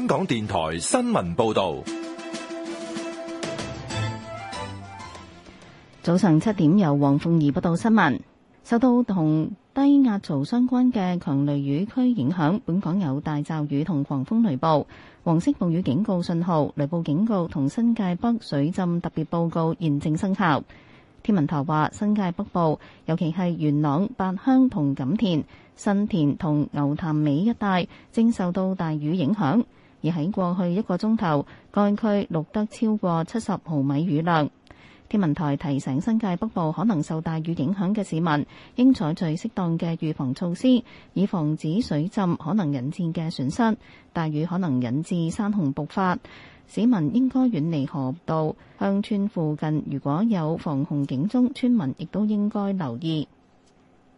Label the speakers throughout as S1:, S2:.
S1: 香港電台新聞報道，
S2: 早上七點由黃鳳儀報道新聞。受到同低壓槽相關嘅強雷雨區影響，本港有大驟雨同狂風雷暴，黃色暴雨警告信號、雷暴警告同新界北水浸特別報告現正生效。天文台話，新界北部，尤其係元朗、八鄉同錦田、新田同牛潭尾一帶，正受到大雨影響。而喺過去一個鐘頭，該區錄得超過七十毫米雨量。天文台提醒新界北部可能受大雨影響嘅市民，應採取適當嘅預防措施，以防止水浸可能引致嘅損失。大雨可能引致山洪暴發，市民應該遠離河道、鄉村附近。如果有防洪警鐘，村民亦都應該留意。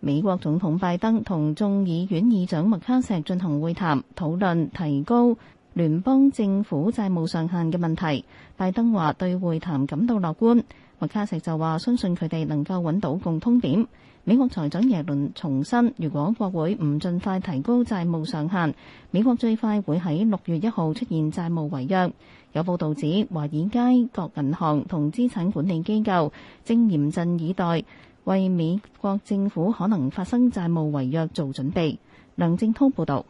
S2: 美國總統拜登同眾議院議長麥卡錫進行會談，討論提高聯邦政府債務上限嘅問題，拜登話對會談感到樂觀。麥卡錫就話相信佢哋能夠揾到共通點。美國財長耶倫重申，如果國會唔盡快提高債務上限，美國最快會喺六月一號出現債務違約。有報道指，華爾街各銀行同資產管理機構正嚴陣以待，為美國政府可能發生債務違約做準備。梁正滔報道。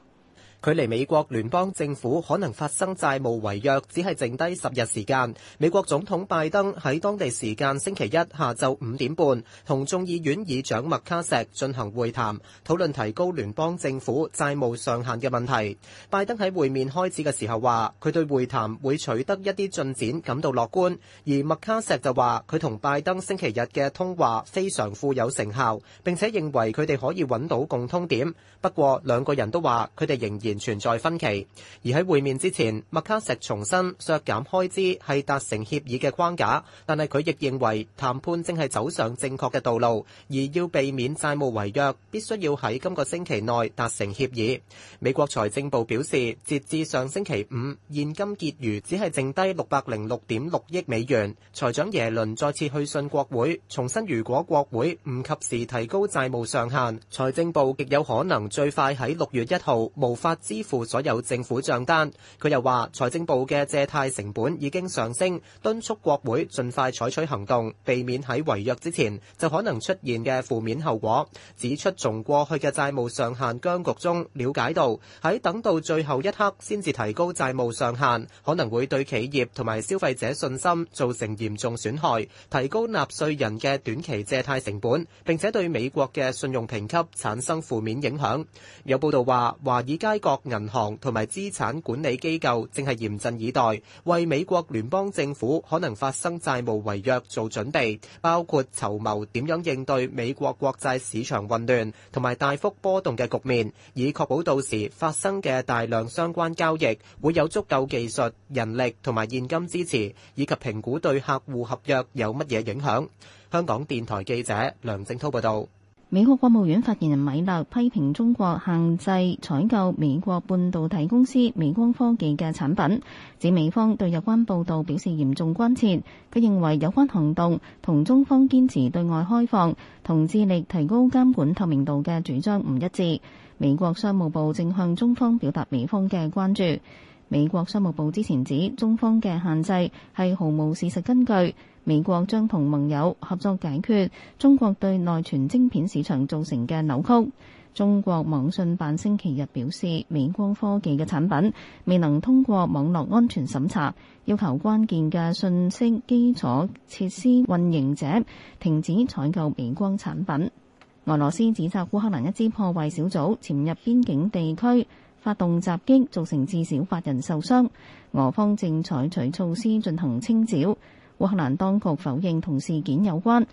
S3: 距離美國聯邦政府可能發生債務違約，只係剩低十日時間。美國總統拜登喺當地時間星期一下晝五點半同眾議院議長麥卡錫進行會談，討論提高聯邦政府債務上限嘅問題，拜登喺會面開始嘅時候話，佢對會談會取得一啲進展感到樂觀，而麥卡錫就話佢同拜登星期日嘅通話非常富有成效，並且認為佢哋可以揾到共通點，不過兩個人都話佢哋仍然存在分歧，而喺會面之前，麥卡錫重申削減開支係達成協議嘅框架，但係佢亦認為談判正係走上正確嘅道路，而要避免債務違約，必須要喺今個星期內達成協議。美國財政部表示，截至上星期五，現金結餘只係剩低六百零六點六億美元。財長耶倫再次去信國會，重申如果國會唔及時提高債務上限，財政部極有可能最快喺六月一號無法。支付所有政府帳單。佢又話：財政部嘅借貸成本已經上升，敦促國會盡快採取行動，避免喺違約之前就可能出現嘅負面後果。指出從過去嘅債務上限僵局中瞭解到，喺等到最後一刻先至提高債務上限，可能會對企業同埋消費者信心造成嚴重損害，提高納稅人嘅短期借貸成本，並且對美國嘅信用評級產生負面影響。有報道話，華爾街各各銀行同埋資產管理機構正係嚴陣以待，為美國聯邦政府可能發生債務違約做準備，包括籌謀點樣應對美國國債市場混亂同埋大幅波動嘅局面，以確保到時發生嘅大量相關交易會有足夠技術、人力同埋現金支持，以及評估對客戶合約有乜嘢影響。香港電台記者梁靜滔報道。
S2: 美國國務院發言人米勒批評中國限制採購美國半導體公司美光科技嘅產品，指美方對有關報道表示嚴重關切。佢認為有關行動同中方堅持對外開放同致力提高監管透明度嘅主張唔一致。美國商務部正向中方表達美方嘅關注。美國商務部之前指中方嘅限制係毫無事實根據。美國將同盟友合作解決中國對內存晶片市場造成嘅扭曲。中國網信辦星期日表示，美光科技嘅產品未能通過網絡安全審查，要求關鍵嘅信息基礎設施運營者停止採購美光產品。俄羅斯指責烏克蘭一支破壞小組潛入邊境地區，發動襲擊，造成至少八人受傷。俄方正採取措施進行清剿。烏克蘭當局否認同事件有關，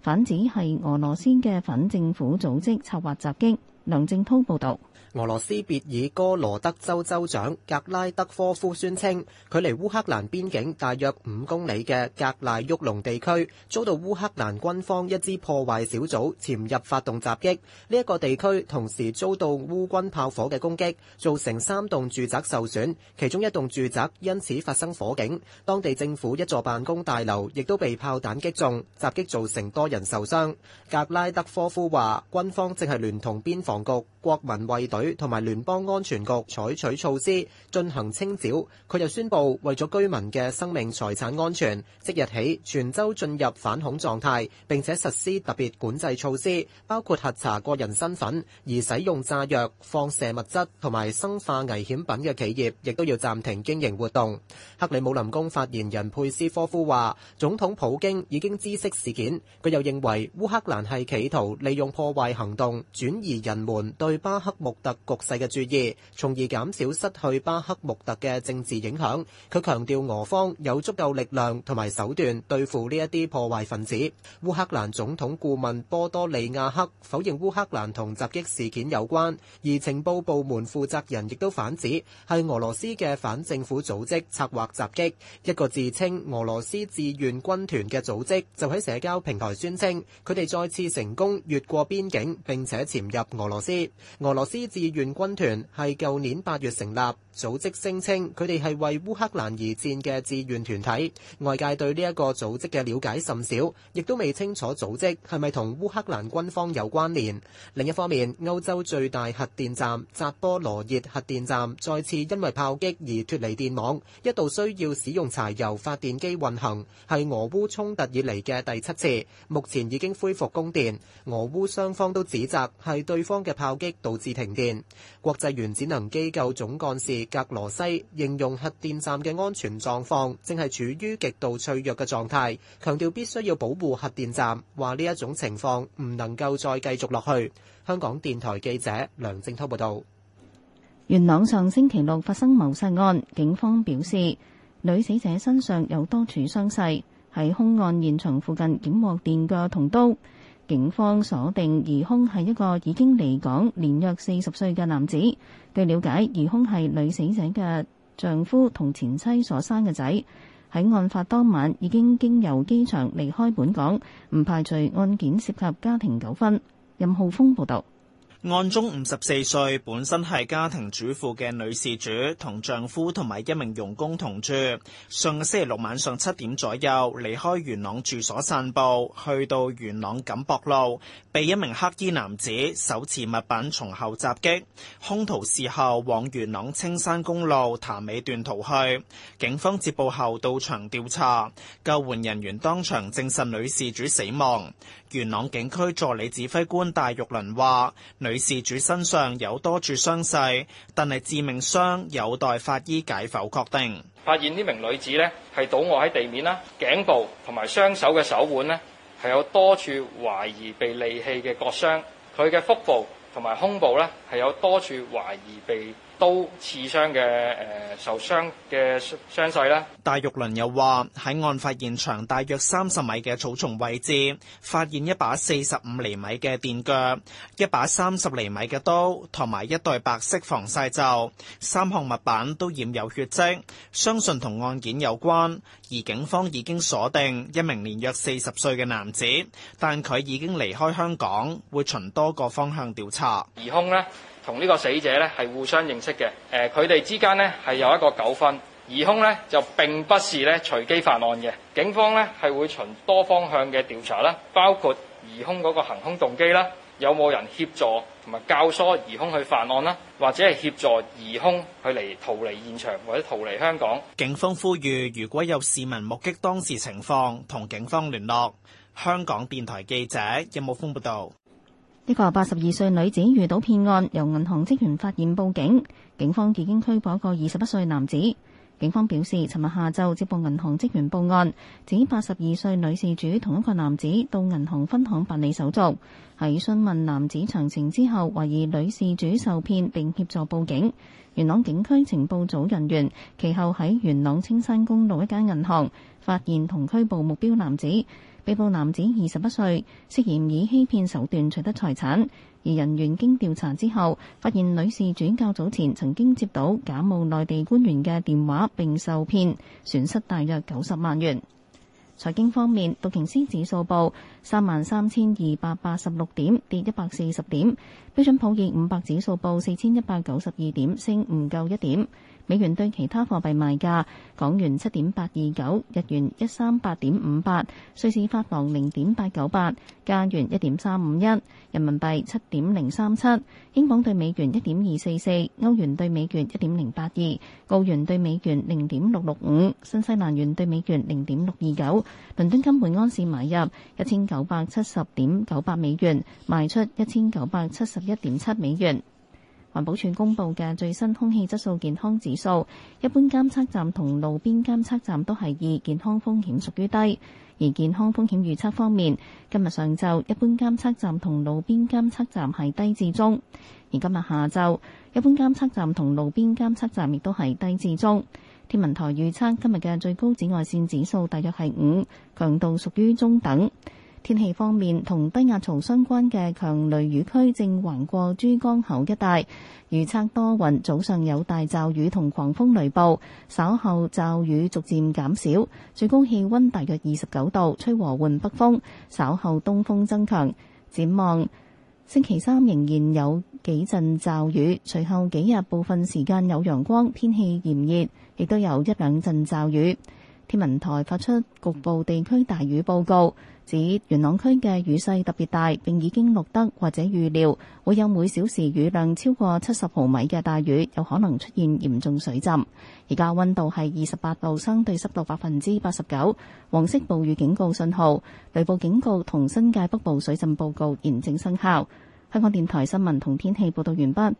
S2: 反指係俄羅斯嘅反政府組織策劃襲擊。梁正濤報道。
S3: 俄羅斯別爾哥羅德州州長格拉德科夫宣稱，距離烏克蘭邊境大約五公里嘅格賴沃隆地區遭到烏克蘭軍方一支破壞小組潛入發動襲擊。呢一個地區同時遭到烏軍炮火嘅攻擊，造成三棟住宅受損，其中一棟住宅因此發生火警。當地政府一座辦公大樓亦都被炮彈擊中，襲擊造成多人受傷。格拉德科夫話：軍方正係聯同邊防局、國民衛隊。同埋聯邦安全局採取措施進行清剿。佢又宣布為咗居民嘅生命財產安全，即日起全州進入反恐狀態，並且實施特別管制措施，包括核查個人身份。而使用炸藥、放射物質同埋生化危險品嘅企業亦都要暫停經營活動。克里姆林宮發言人佩斯科夫話，總統普京已經知悉事件。佢又認為烏克蘭係企圖利用破壞行動轉移人們對巴赫穆特局勢嘅注意，從而減少失去巴克穆特嘅政治影響。佢強調俄方有足夠力量同埋手段對付呢一啲破壞分子。烏克蘭總統顧問波多利亞克否認烏克蘭同襲擊事件有關，而情報部門負責人亦都反指係俄羅斯嘅反政府組織策劃襲擊。一個自稱俄羅斯志願軍團嘅組織就喺社交平台宣稱，佢哋再次成功越過邊境，並且潛入俄羅斯。俄羅斯。志願軍團係舊年八月成立。組織聲稱佢哋係為烏克蘭而戰嘅志願團體，外界對呢一個組織嘅了解甚少，亦都未清楚組織係咪同烏克蘭軍方有關聯。另一方面，歐洲最大核電站扎波羅熱核電站再次因為炮擊而脫離電網，一度需要使用柴油發電機運行，係俄烏衝突以嚟嘅第七次。目前已經恢復供電，俄烏雙方都指責係對方嘅炮擊導致停電。國際原子能機構總幹事。格羅西形容核電站嘅安全狀況正係處於極度脆弱嘅狀態，強調必須要保護核電站，話呢一種情況唔能夠再繼續落去。香港電台記者梁正濤報道：
S2: 元朗上星期六發生謀殺案，警方表示女死者身上有多處傷勢，喺凶案現場附近檢獲電鋸同刀。警方鎖定疑凶係一個已經離港年約四十歲嘅男子。據了解，疑凶係女死者嘅丈夫同前妻所生嘅仔，喺案發當晚已經經由機場離開本港，唔排除案件涉及家庭糾紛，任浩峰報道。
S1: 案中五十四歲，本身係家庭主婦嘅女事主，同丈夫同埋一名傭工同住。上個星期六晚上七點左右，離開元朗住所散步，去到元朗錦博路，被一名黑衣男子手持物品從後襲擊，凶徒事後往元朗青山公路潭尾段逃去。警方接報後到場調查，救援人員當場證實女事主死亡。元朗警區助理指揮官戴玉麟話：女。事主身上有多處傷勢，但係致命傷有待法醫解剖確定。發現呢名女子呢，係倒臥喺地面啦，頸部同埋雙手嘅手腕呢，係有多處懷疑被利器嘅割傷，佢嘅腹部同埋胸部呢，係有多處懷疑被刀刺傷嘅誒、呃、受傷嘅傷勢咧，戴玉麟又話喺案發現場大約三十米嘅草叢位置，發現一把四十五厘米嘅電鋸，一把三十厘米嘅刀，同埋一對白色防曬罩，三項物品都染有血跡，相信同案件有關。而警方已經鎖定一名年約四十歲嘅男子，但佢已經離開香港，會循多個方向調查疑兇呢，同呢個死者咧係互相認識嘅，誒佢哋之間咧係有一個糾紛，疑兇咧就並不是咧隨機犯案嘅，警方咧係會循多方向嘅調查啦，包括疑兇嗰個行兇動機啦，有冇人協助同埋教唆疑兇去犯案啦，或者係協助疑兇去嚟逃離現場或者逃離香港。警方呼籲如果有市民目擊當時情況，同警方聯絡。香港電台記者任武峯報道。
S2: 一個八十二歲女子遇到騙案，由銀行職員發現報警，警方已經拘捕一個二十一歲男子。警方表示，尋日下晝接報銀行職員報案，指八十二歲女事主同一個男子到銀行分行辦理手續，喺詢問男子詳情之後，懷疑女事主受騙，並協助報警。元朗警區情報組人員，其後喺元朗青山公路一間銀行，發現同拘捕目標男子。被捕男子二十一歲，涉嫌以欺騙手段取得財產。而人員經調查之後，發現女事主較早前曾經接到假冒內地官員嘅電話，並受騙，損失大約九十萬元。財經方面，道瓊斯指數報三萬三千二百八十六點，跌一百四十點；標準普爾五百指數報四千一百九十二點，升唔夠一點。美元對其他貨幣賣價：港元七點八二九，日元一三八點五八，瑞士法郎零點八九八，加元一點三五一，人民幣七點零三七，英鎊對美元一點二四四，歐元對美元一點零八二，澳元對美元零點六六五，新西蘭元對美元零點六二九。倫敦金每盎司買入一千九百七十點九八美元，賣出一千九百七十一點七美元。環保署公布嘅最新空氣質素健康指數，一般監測站同路邊監測站都係二，健康風險屬於低。而健康風險預測方面，今日上晝一般監測站同路邊監測站係低至中，而今日下晝一般監測站同路邊監測站亦都係低至中。天文台預測今日嘅最高紫外線指數大約係五，強度屬於中等。天氣方面，同低壓槽相關嘅強雷雨區正橫過珠江口一帶，預測多雲，早上有大驟雨同狂風雷暴，稍後驟雨逐漸減少，最高氣溫大約二十九度，吹和緩北風，稍後東風增強。展望星期三仍然有幾陣驟雨，隨後幾日部分時間有陽光，天氣炎熱，亦都有一兩陣驟雨。天文台發出局部地區大雨報告。指元朗區嘅雨勢特別大，並已經錄得或者預料會有每小時雨量超過七十毫米嘅大雨，有可能出現嚴重水浸。而家溫度係二十八度，相對濕度百分之八十九。黃色暴雨警告信號、雷暴警告同新界北部水浸報告現正生效。香港電台新聞同天氣報道完畢。